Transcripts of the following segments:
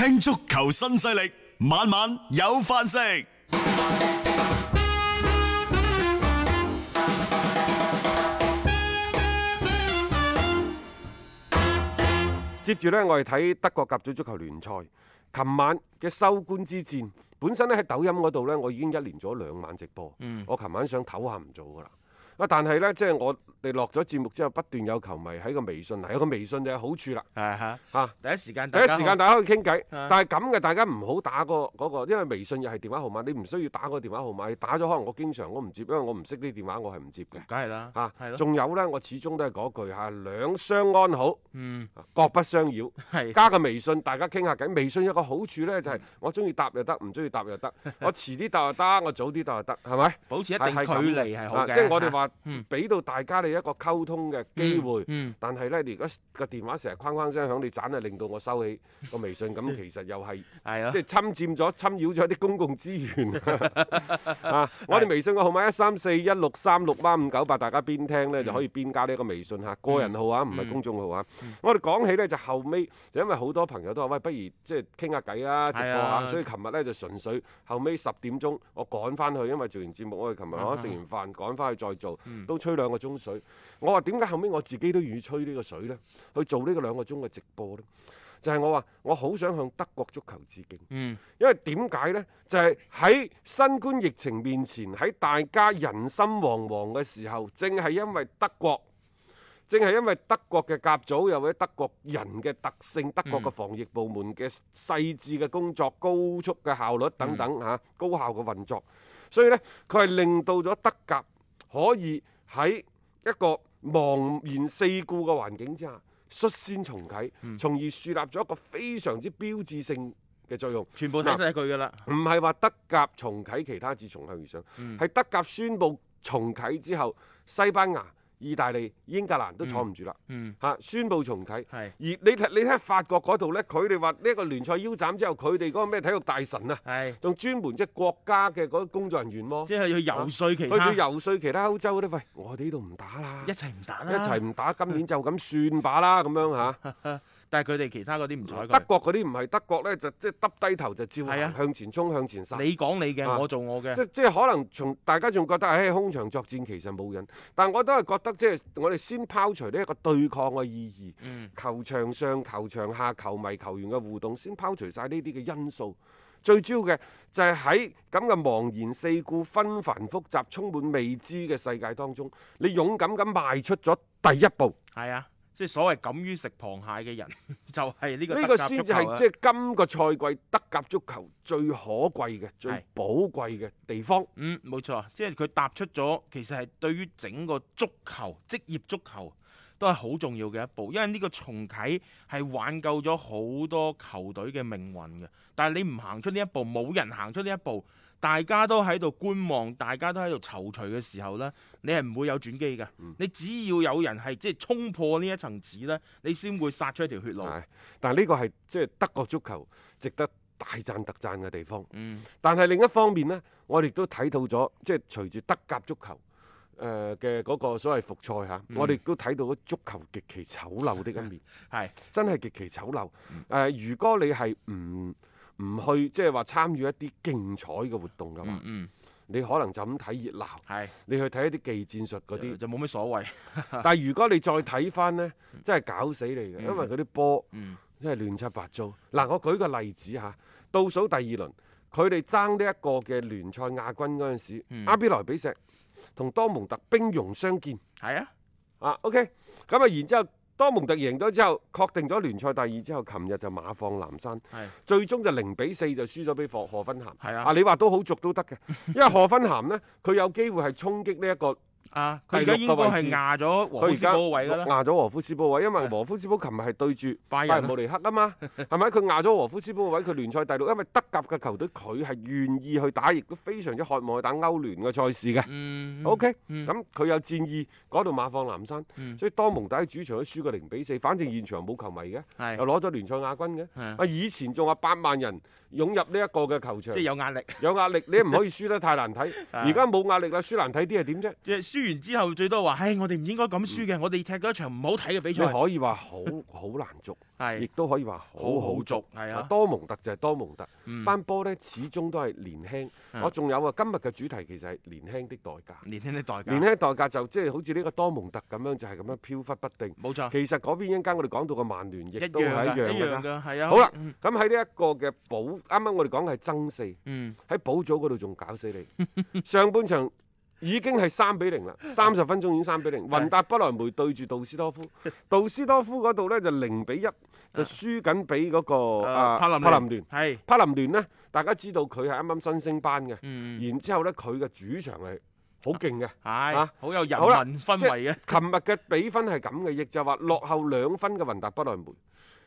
聽足球新勢力，晚晚有飯食。接住呢，我哋睇德國甲組足球聯賽，琴晚嘅收官之戰。本身呢喺抖音嗰度呢，我已經一連咗兩晚直播。嗯，我琴晚想唞下，唔做噶啦。但係呢，即係我哋落咗節目之後，不斷有球迷喺個微信啊，有個微信就有好處啦。第一時間，第一時間大家可以傾偈。但係咁嘅，大家唔好打個嗰個，因為微信又係電話號碼，你唔需要打個電話號碼，你打咗可能我經常我唔接，因為我唔識啲電話，我係唔接嘅。梗係啦，仲有呢，我始終都係嗰句嚇，兩相安好，各不相擾。加個微信，大家傾下偈。微信有個好處呢，就係我中意答又得，唔中意答又得。我遲啲答又得，我早啲答又得，係咪？保持一定距離係好嘅。俾到大家你一個溝通嘅機會，但係咧，如果個電話成日框框聲響，你斬係，令到我收起個微信，咁其實又係即係侵佔咗、侵擾咗啲公共資源啊！我哋微信個號碼一三四一六三六孖五九八，大家邊聽呢？就可以邊加呢個微信嚇，個人號啊，唔係公眾號啊。我哋講起呢，就後尾，就因為好多朋友都話喂，不如即係傾下偈啊，直播下，所以琴日呢，就純粹後尾十點鐘我趕翻去，因為做完節目，我哋琴日我食完飯趕翻去再做。都吹兩個鐘水，我話點解後尾我自己都願意吹呢個水呢？去做呢個兩個鐘嘅直播呢？就係、是、我話我好想向德國足球致敬。嗯，因為點解呢？就係、是、喺新冠疫情面前，喺大家人心惶惶嘅時候，正係因為德國，正係因為德國嘅甲組，又或者德國人嘅特性，德國嘅防疫部門嘅細緻嘅工作、高速嘅效率等等嚇、嗯啊、高效嘅運作，所以呢，佢係令到咗德甲。可以喺一個茫然四顧嘅環境之下率先重啟，從、嗯、而樹立咗一個非常之標誌性嘅作用。全部打曬佢㗎啦，唔係話德甲重啟，其他至從後而上，係、嗯、德甲宣布重啟之後，西班牙。意大利、英格蘭都坐唔住啦，嚇、嗯嗯啊，宣布重啟。是而你睇你睇法國嗰度咧，佢哋話呢一個聯賽腰斬之後，佢哋嗰個咩體育大臣啊，仲是專門即國家嘅嗰工作人員喎、啊，即係去游說其他，去、啊、去遊說其他歐洲嗰啲喂，我哋呢度唔打啦，一齊唔打啦，一齊唔打，今年就咁算吧啦，咁樣嚇、啊。 但係佢哋其他嗰啲唔睬，德國嗰啲唔係德國呢就即係耷低頭就照、啊、向前衝向前殺。你講你嘅，我做我嘅、啊。即即係可能從大家仲覺得，唉、欸，空場作戰其實冇癮。但我都係覺得，即係我哋先拋除呢一個對抗嘅意義，嗯、球場上、球場下、球迷、球員嘅互動，先拋除晒呢啲嘅因素。最主要嘅就係喺咁嘅茫然四顧、紛繁複雜、充滿未知嘅世界當中，你勇敢咁邁出咗第一步。係啊。即係所謂敢於食螃蟹嘅人， 就係呢個。呢個先至係即係今個賽季德甲足球最可貴嘅、最寶貴嘅是 地方。嗯，冇錯，即係佢踏出咗，其實係對於整個足球、職業足球都係好重要嘅一步，因為呢個重啟係挽救咗好多球隊嘅命運嘅。但係你唔行出呢一步，冇人行出呢一步。大家都喺度觀望，大家都喺度躊躇嘅時候呢，你係唔會有轉機嘅。嗯、你只要有人係即係衝破呢一層紙呢，你先會殺出一條血路。但係呢個係即係德國足球值得大讚特讚嘅地方。嗯、但係另一方面呢，我哋都睇到咗，即、就、係、是、隨住德甲足球誒嘅嗰個所謂復賽嚇，啊嗯、我哋都睇到足球極其醜陋的一面，係、嗯、真係極其醜陋。誒、嗯呃，如果你係唔唔去即係話參與一啲競彩嘅活動㗎嘛、嗯？嗯你可能就咁睇熱鬧。係是，你去睇一啲技戰術嗰啲就冇乜所謂。 但係如果你再睇翻呢，真係搞死你嘅，嗯、因為嗰啲波真係亂七八糟。嗱、啊，我舉個例子吓，倒、啊、數第二輪，佢哋爭呢一個嘅聯賽亞軍嗰陣時，嗯、阿比萊比錫同多蒙特兵戎相見。係啊，啊 OK，咁啊然之後。多蒙特贏咗之後，確定咗聯賽第二之後，琴日就馬放南山，的最終就零比四就輸咗俾霍芬咸。的啊、你話都好俗都得嘅，因為霍芬咸呢，佢有機會係衝擊呢、這、一個。啊！佢而家應該係壓咗，佢而家壓咗禾夫斯堡位，因為禾夫斯堡琴日係對住拜仁慕尼克啊嘛，係咪？佢壓咗禾夫斯堡位，佢聯賽第六，因為德甲嘅球隊佢係願意去打，亦都非常之渴望去打歐聯嘅賽事嘅。O K，咁佢有戰意，嗰度馬放南山，所以多蒙特喺主場都輸過零比四，反正現場冇球迷嘅，又攞咗聯賽亞軍嘅。啊！以前仲話八萬人湧入呢一個嘅球場，即係有壓力。有壓力，你唔可以輸得太難睇。而家冇壓力啊，輸難睇啲係點啫？輸完之後最多話，唉，我哋唔應該咁輸嘅，我哋踢咗一場唔好睇嘅比賽。可以話好好難捉，亦都可以話好好捉，係啊，多蒙特就係多蒙特，班波呢始終都係年輕。我仲有啊，今日嘅主題其實係年輕的代價，年輕的代價，年輕代價就即係好似呢個多蒙特咁樣，就係咁樣飄忽不定。冇錯，其實嗰邊一間我哋講到嘅曼聯亦都係一樣，係啊。好啦，咁喺呢一個嘅保，啱啱我哋講嘅係爭四，喺保組嗰度仲搞死你，上半場。已經係三比零啦，三十分鐘已經三比零。雲達不萊梅對住杜斯多夫，杜斯多夫嗰度呢就零比一就輸緊俾嗰個柏林聯。係柏林聯呢，大家知道佢係啱啱新升班嘅。然之後呢，佢嘅主場係好勁嘅，啊，好有人民氛圍嘅。琴日嘅比分係咁嘅，亦就話落後兩分嘅雲達不萊梅，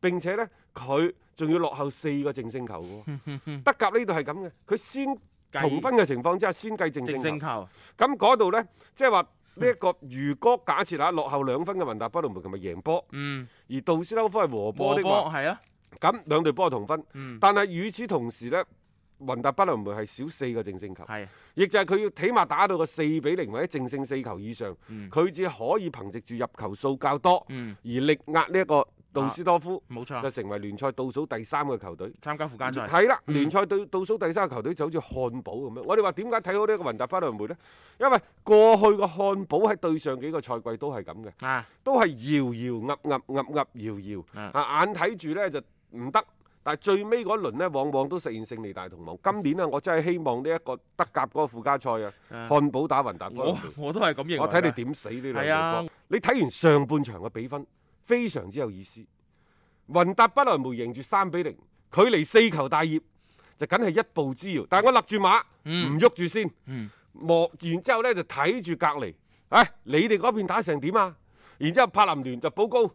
並且呢，佢仲要落後四個淨勝球喎。德甲呢度係咁嘅，佢先。同分嘅情況之下，先計正勝球。咁嗰度呢，即係話呢一個，如果假設下落後兩分嘅雲達不萊梅佢咪贏波，而杜斯紐夫杜斯多夫係和波的話，係，咁兩隊波係同分，但係與此同時呢，雲達不萊梅係少四個正勝球，亦就係佢要起碼打到個四比零或者正勝四球以上，佢只可以憑藉住入球數較多，而力壓呢一個。杜斯多夫冇錯，就成為聯賽倒數第三嘅球隊參加附加賽。係啦，聯賽倒倒數第三嘅球隊就好似漢堡咁樣。我哋話點解睇到呢一個雲達不萊梅呢？因為過去個漢堡喺對上幾個賽季都係咁嘅，都係搖搖噏噏噏噏搖搖啊，眼睇住呢就唔得，但係最尾嗰輪呢往往都實現勝利大同盟。今年呢，我真係希望呢一個德甲嗰個附加賽啊，漢堡打雲達不萊梅。我都係咁認為。我睇你點死呢兩隊。係啊，你睇完上半場嘅比分。非常之有意思，雲達不萊梅贏住三比零，距離四球大業就梗係一步之遙。但係我立住馬，唔喐住先，磨，然之後咧就睇住隔離。唉、哎，你哋嗰邊打成點啊？然之後柏林聯就報高，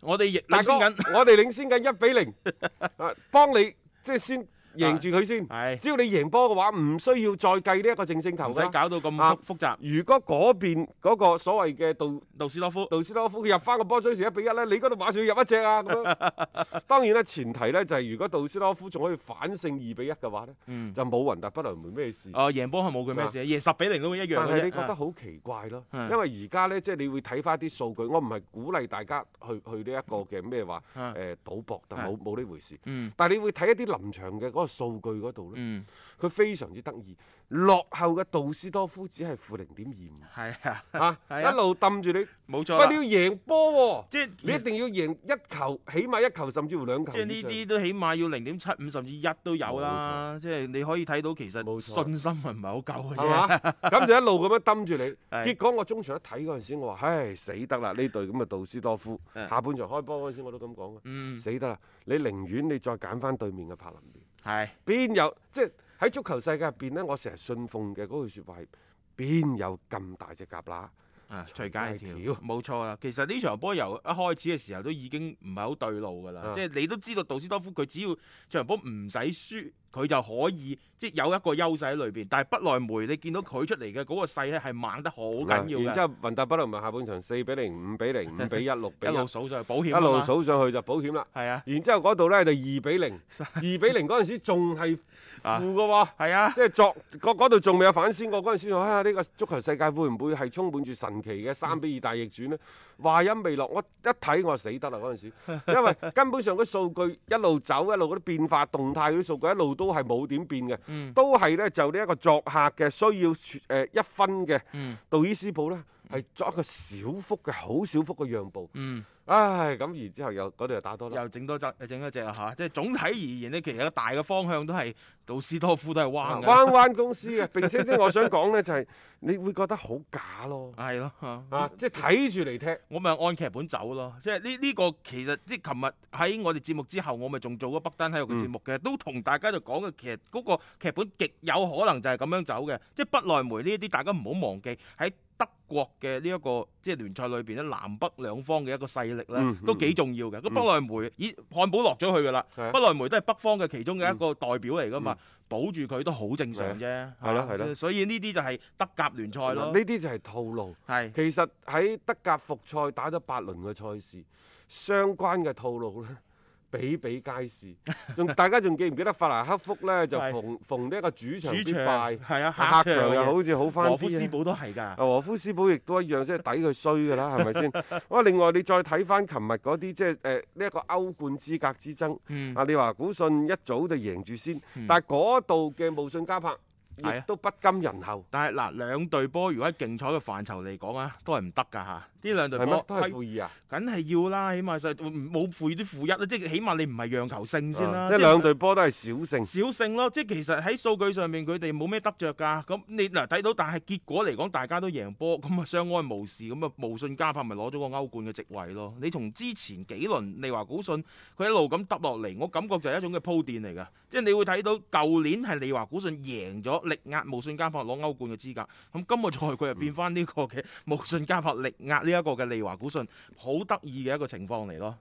我哋亦大緊，我哋領先緊一比零、 啊，幫你即係先。贏住佢先，只要你贏波嘅話，唔需要再計呢一個正勝球勢，唔使搞到咁複複雜。如果嗰邊嗰個所謂嘅杜杜斯多夫、杜斯多夫佢入翻個波，追時一比一咧，你嗰度馬上要入一隻啊！咁樣，當然咧前提咧就係如果杜斯多夫仲可以反勝二比一嘅話咧，就冇雲達不萊梅咩事。哦，贏波係冇佢咩事，贏十比零都一樣。但係你覺得好奇怪咯，因為而家咧即係你會睇翻啲數據。我唔係鼓勵大家去去呢一個嘅咩話誒賭博，但冇冇呢回事。但係你會睇一啲臨場嘅數據度咧，佢非常之得意。落後嘅杜斯多夫只係負零點二五，係啊，嚇一路氹住你，冇錯。你要贏波喎，即係你一定要贏一球，起碼一球，甚至乎兩球。即係呢啲都起碼要零點七五，甚至一都有啦。即係你可以睇到其實信心係唔係好夠嘅啫。咁就一路咁樣氹住你。結果我中場一睇嗰陣時，我話：唉，死得啦！呢隊咁啊，杜斯多夫下半場開波嗰陣時我都咁講，死得啦！你寧願你再揀翻對面嘅柏林聯係，邊有即係喺足球世界入邊咧？我成日信奉嘅嗰句説話係：邊有咁大隻蛤乸？啊，隨街係條，冇錯啦。其實呢場波由一開始嘅時候都已經唔係好對路㗎啦。啊、即係你都知道，杜斯多夫佢只要場波唔使輸，佢就可以即係、就係、有一個優勢喺裏邊。但係不萊梅，你見到佢出嚟嘅嗰個勢咧係猛得好緊要，啊、然之後雲達不萊梅下半場四比零、五比零、五比一、六比一 一路數上去保險。一路數上去就保險啦。係啊。然之後嗰度咧就二比零，二比零嗰陣時仲係。負係啊，啊即係作嗰度仲未有反思過嗰陣時，我啊呢、呢個足球世界會唔會係充滿住神奇嘅三比二大逆轉呢？話音未落，我一睇我死得啦嗰陣時，因為根本上嗰數據一路走，一路嗰啲變化動態啲數據一路都係冇點變嘅，嗯、都係呢就呢一個作客嘅需要誒、呃、一分嘅杜伊斯堡呢，係、嗯、作一個小幅嘅好小幅嘅讓步。嗯唉，咁然之後又嗰度又打多啦，又整多隻，又整多隻啊嚇！即係總體而言咧，其實大嘅方向都係杜斯多夫都係彎嘅，彎彎公司嘅。 並且即係我想講咧，就係 你會覺得好假咯，係咯，啊、即係睇住嚟踢，我咪按劇本走咯。即係呢呢個其實即係琴日喺我哋節目之後，我咪仲做咗北單體育嘅節目嘅，嗯、都同大家就講嘅，其實嗰個劇本極有可能就係咁樣走嘅。即係不萊梅呢一啲，大家唔好忘記喺。德國嘅呢一個即係聯賽裏邊咧，南北兩方嘅一個勢力咧，都幾重要嘅。咁不萊梅以漢堡落咗去㗎啦，不萊梅都係北方嘅其中嘅一個代表嚟㗎嘛，保住佢都好正常啫。係咯係咯，所以呢啲就係德甲聯賽咯。呢啲就係套路。係，其實喺德甲復賽打咗八輪嘅賽事，相關嘅套路咧，比比皆是，仲大家仲記唔記得法蘭克福呢？ 就逢逢呢一個主場必敗，場客場又好似好翻啲，禾夫斯堡都係㗎，禾夫斯堡亦都一樣，即係 抵佢衰㗎啦，係咪先？哇！ 另外你再睇翻琴日嗰啲，即係呢一個歐冠資格之爭，嗯、啊你話古遜一早就贏住先，嗯、但係嗰度嘅慕遜加柏，係都不甘人後、啊。但係嗱，兩隊波如果喺競彩嘅範疇嚟講啊，都係唔得㗎嚇。呢兩隊波都係負二啊，梗係要啦，起碼冇負二都負一啦，即係起碼你唔係讓球勝先啦。即係兩隊波都係小勝。小勝咯，即係其實喺數據上面佢哋冇咩得着㗎。咁你嗱睇到，但係結果嚟講大家都贏波，咁啊相安無事，咁啊慕遜加柏，咪攞咗個歐冠嘅席位咯。你從之前幾輪利華古遜佢一路咁耷落嚟，我感覺就係一種嘅鋪墊嚟㗎。即係你會睇到舊年係利華古遜贏咗力壓慕遜加柏攞歐冠嘅資格，咁今個賽季又變返呢個嘅慕遜加柏力壓呢，一個嘅利華古遜好得意嘅一個情況嚟咯。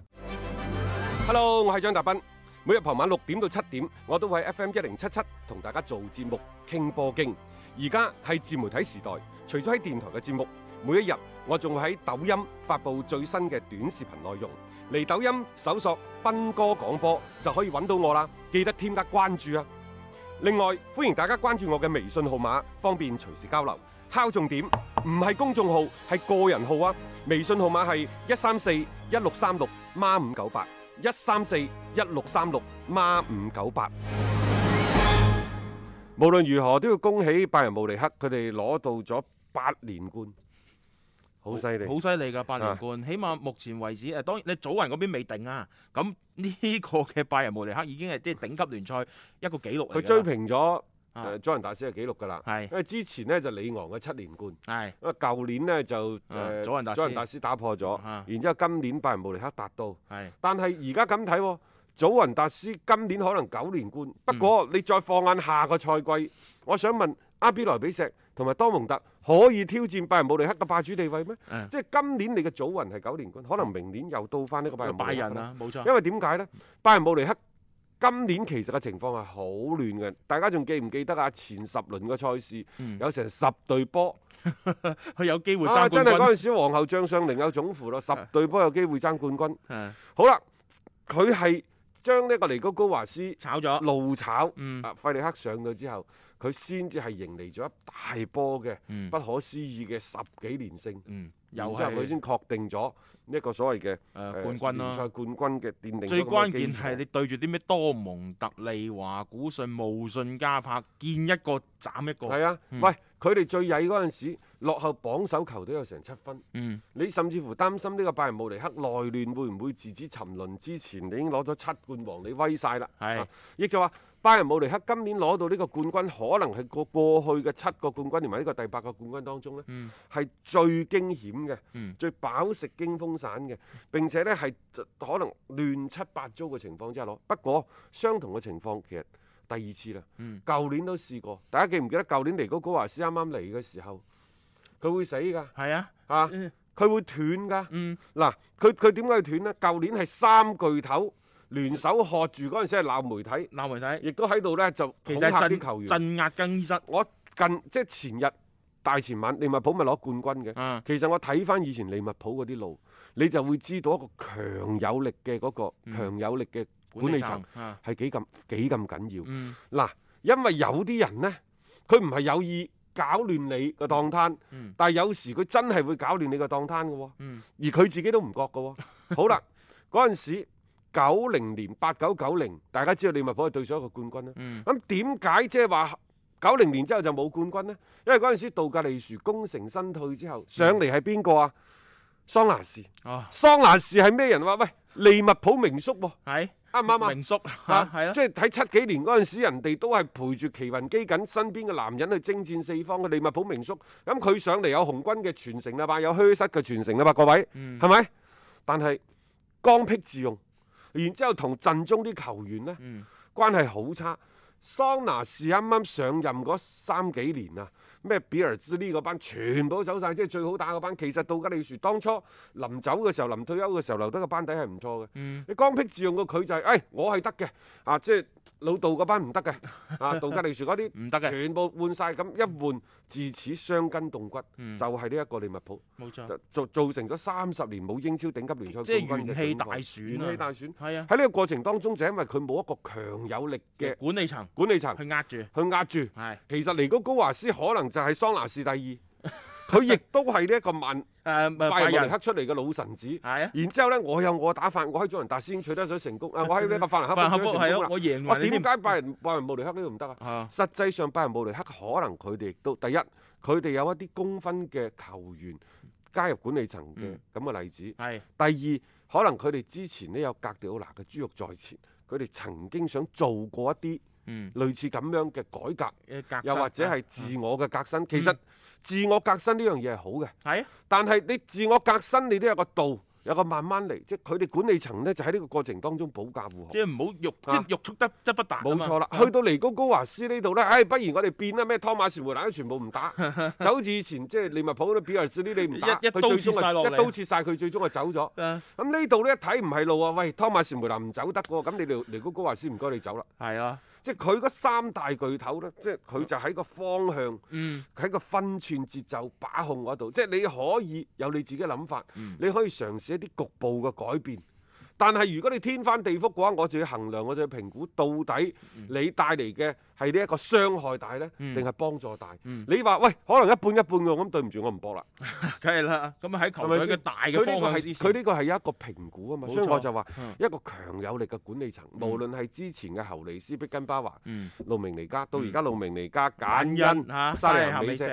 Hello，我係張達斌，每日傍晚六點到七點，我都會喺 FM 一零七七同大家做節目傾波經。而家係自媒體時代，除咗喺電台嘅節目，每一日我仲會喺抖音發布最新嘅短視頻內容。嚟抖音搜索斌哥廣播就可以揾到我啦，記得添加關注啊！另外，歡迎大家關注我嘅微信號碼，方便隨時交流。敲重點，唔係公眾號，係個人號啊！微信號碼係一三四一六三六孖五九八，一三四一六三六孖五九八。8, 無論如何，都要恭喜拜仁慕尼黑，佢哋攞到咗八連冠。好犀利，好犀利噶八連冠，起碼目前為止誒，當然你祖雲嗰邊未定啊。咁呢個嘅拜仁慕尼黑已經係即係頂級聯賽一個紀錄嚟，佢追平咗誒祖雲達斯嘅紀錄㗎啦。係因為之前呢就李昂嘅七連冠，係咁啊，舊年呢就祖雲達斯打破咗，然之後今年拜仁慕尼黑達到，係。但係而家咁睇喎，祖雲達斯今年可能九連冠，不過你再放眼下個賽季，我想問阿比萊比錫，同埋多蒙特可以挑戰拜仁慕尼黑嘅霸主地位咩？嗯、即係今年你嘅祖雲係九連冠，可能明年又到翻呢個拜仁啦，冇、嗯啊、錯。因為點解呢？拜仁慕尼黑今年其實嘅情況係好亂嘅，大家仲記唔記得啊？前十輪嘅賽事有成十隊波，佢有機會爭冠軍。嗰陣時皇后將雙另有總負咯，嗯、十隊波有機會爭冠軍。嗯、好啦，佢係將呢個尼高高華斯炒咗，怒炒。嗯炒、啊，費利克上咗之後。佢先至係迎嚟咗一大波嘅、嗯、不可思議嘅十幾連勝，嗯、由之後佢先確定咗呢一個所謂嘅、呃、冠軍啦、啊。聯賽冠軍嘅奠定最關鍵係你對住啲咩多蒙特、利華古遜、慕遜加柏，見一個斬一個。係啊，嗯、喂，佢哋最曳嗰陣時。落後榜首球都有成七分，嗯、你甚至乎擔心呢個拜仁慕尼黑內亂會唔會自此沉淪？之前你已經攞咗七冠王，你威晒啦，亦是、啊、就話拜仁慕尼黑今年攞到呢個冠軍，可能係過過去嘅七個冠軍，同埋呢個第八個冠軍當中呢，係、嗯、最驚險嘅，嗯、最飽食驚風散嘅，並且呢係可能亂七八糟嘅情況之下攞。不過相同嘅情況其實第二次啦，舊、嗯、年都試過，大家記唔記得舊年尼高高華斯啱啱嚟嘅時候？佢會死㗎，係啊，啊佢會斷㗎。嗱，佢佢點解要斷咧？舊年係三巨頭聯手喝住嗰陣時鬧媒體，鬧媒體，亦都喺度咧就恐嚇啲球員，鎮壓更衣室。我近即係前日大前晚利物浦咪攞冠軍嘅。其實我睇翻以前利物浦嗰啲路，你就會知道一個強有力嘅，嗰個強有力嘅管理層係幾咁幾咁緊要。嗱，因為有啲人咧，佢唔係有意，搞亂你個檔攤，但係有時佢真係會搞亂你個檔攤嘅，而佢自己都唔覺嘅。好啦，嗰陣時九零年八九九零，大家知道利物浦係對上一個冠軍啦。咁點解即係話九零年之後就冇冠軍呢？因為嗰陣時杜格利殊功成身退之後，上嚟係邊個啊？桑拿士哦，桑拿士係咩人啊？話喂，利物浦名宿喎。啱啱明叔、啊、即係喺七幾年嗰陣時，人哋都係陪住奇雲基緊身邊嘅男人去征戰四方嘅利物浦明叔。咁佢上嚟有紅軍嘅傳承啊嘛，有虛失嘅傳承啊嘛，各位，係咪、嗯？但係剛愎自用，然之後同陣中啲球員呢，關係好差。桑拿士啱啱上任嗰三幾年啊。咩比爾斯呢個班全部走晒，即係最好打嗰班。其實道格利樹當初臨走嘅時候，臨退休嘅時候留得個班底係唔錯嘅。你剛愎自用個佢就係，哎，我係得嘅。啊，即係老道嗰班唔得嘅。啊，道格利樹嗰啲唔得嘅，全部換晒咁一換，自此傷筋動骨，就係呢一個利物浦。冇錯，造造成咗三十年冇英超頂級聯賽冠軍嘅情況。元氣大損啊！元氣大損。係啊！喺呢個過程當中就因為佢冇一個強有力嘅管理層，管理層去壓住，去壓住。係。其實尼高高華斯可能。就係桑拿士第二，佢亦都係呢一個拜、 啊、拜仁慕尼黑出嚟嘅老臣子。係啊，然之後咧，我有我打法，我希臘人達先取得咗成功。誒， 我喺呢個法蘭克福我贏埋，點解拜仁 拜仁慕尼黑呢度唔得啊？啊實際上，拜仁慕尼黑可能佢哋都第一，佢哋有一啲功勳嘅球員加入管理層嘅咁嘅例子。係、嗯、第二，可能佢哋之前咧有格迪奧拿嘅珠玉在前，佢哋曾經想做過一啲。嗯，類似咁樣嘅改革，又或者係自我嘅革新。其實自我革新呢樣嘢係好嘅。係。但係你自我革新，你都有個度，有個慢慢嚟。即係佢哋管理層呢，就喺呢個過程當中保駕護航。即係唔好欲，即係欲速則不達。冇錯啦，去到尼高高華斯呢度呢，唉，不如我哋變啦，咩湯馬士梅南全部唔打，就好似以前即係利物浦嗰啲比亞斯呢，你唔打，一刀切曬，一刀切曬，佢最終係走咗。啊。咁呢度呢，一睇唔係路啊，喂，湯馬士梅南唔走得喎，咁你哋，尼高高華斯唔該你走啦。係啊。即係佢嗰三大巨頭咧，即係佢就喺個方向，喺、嗯、個分寸節奏把控嗰度。即係你可以有你自己嘅諗法，嗯、你可以嘗試一啲局部嘅改變。但係如果你天翻地覆嘅話，我就要衡量，我就要評估到底你帶嚟嘅，係呢一個傷害大咧，定係幫助大？你話喂，可能一半一半咁，對唔住，我唔博啦。梗係啦，咁啊喺球隊大嘅方向，佢呢個係有一個評估啊嘛。所以我就話一個強有力嘅管理層，無論係之前嘅侯尼斯、碧根巴華、路明尼加，到而家路明尼加、簡恩、沙雷克美石，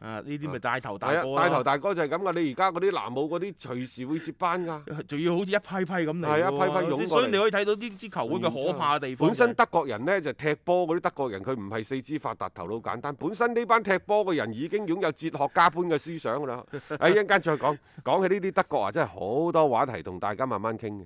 呢啲咪帶頭大哥。帶頭大哥就係咁嘅。你而家嗰啲南姆嗰啲隨時會接班㗎，仲要好似一批批咁嚟，一批批湧過嚟。所以你可以睇到呢支球會嘅可怕地方。本身德國人呢，就踢波嗰啲德。個人佢唔係四肢發達、頭腦簡單，本身呢班踢波嘅人已經擁有哲學家般嘅思想㗎啦。誒，一陣間再講，講起呢啲德國啊，真係好多話題同大家慢慢傾嘅。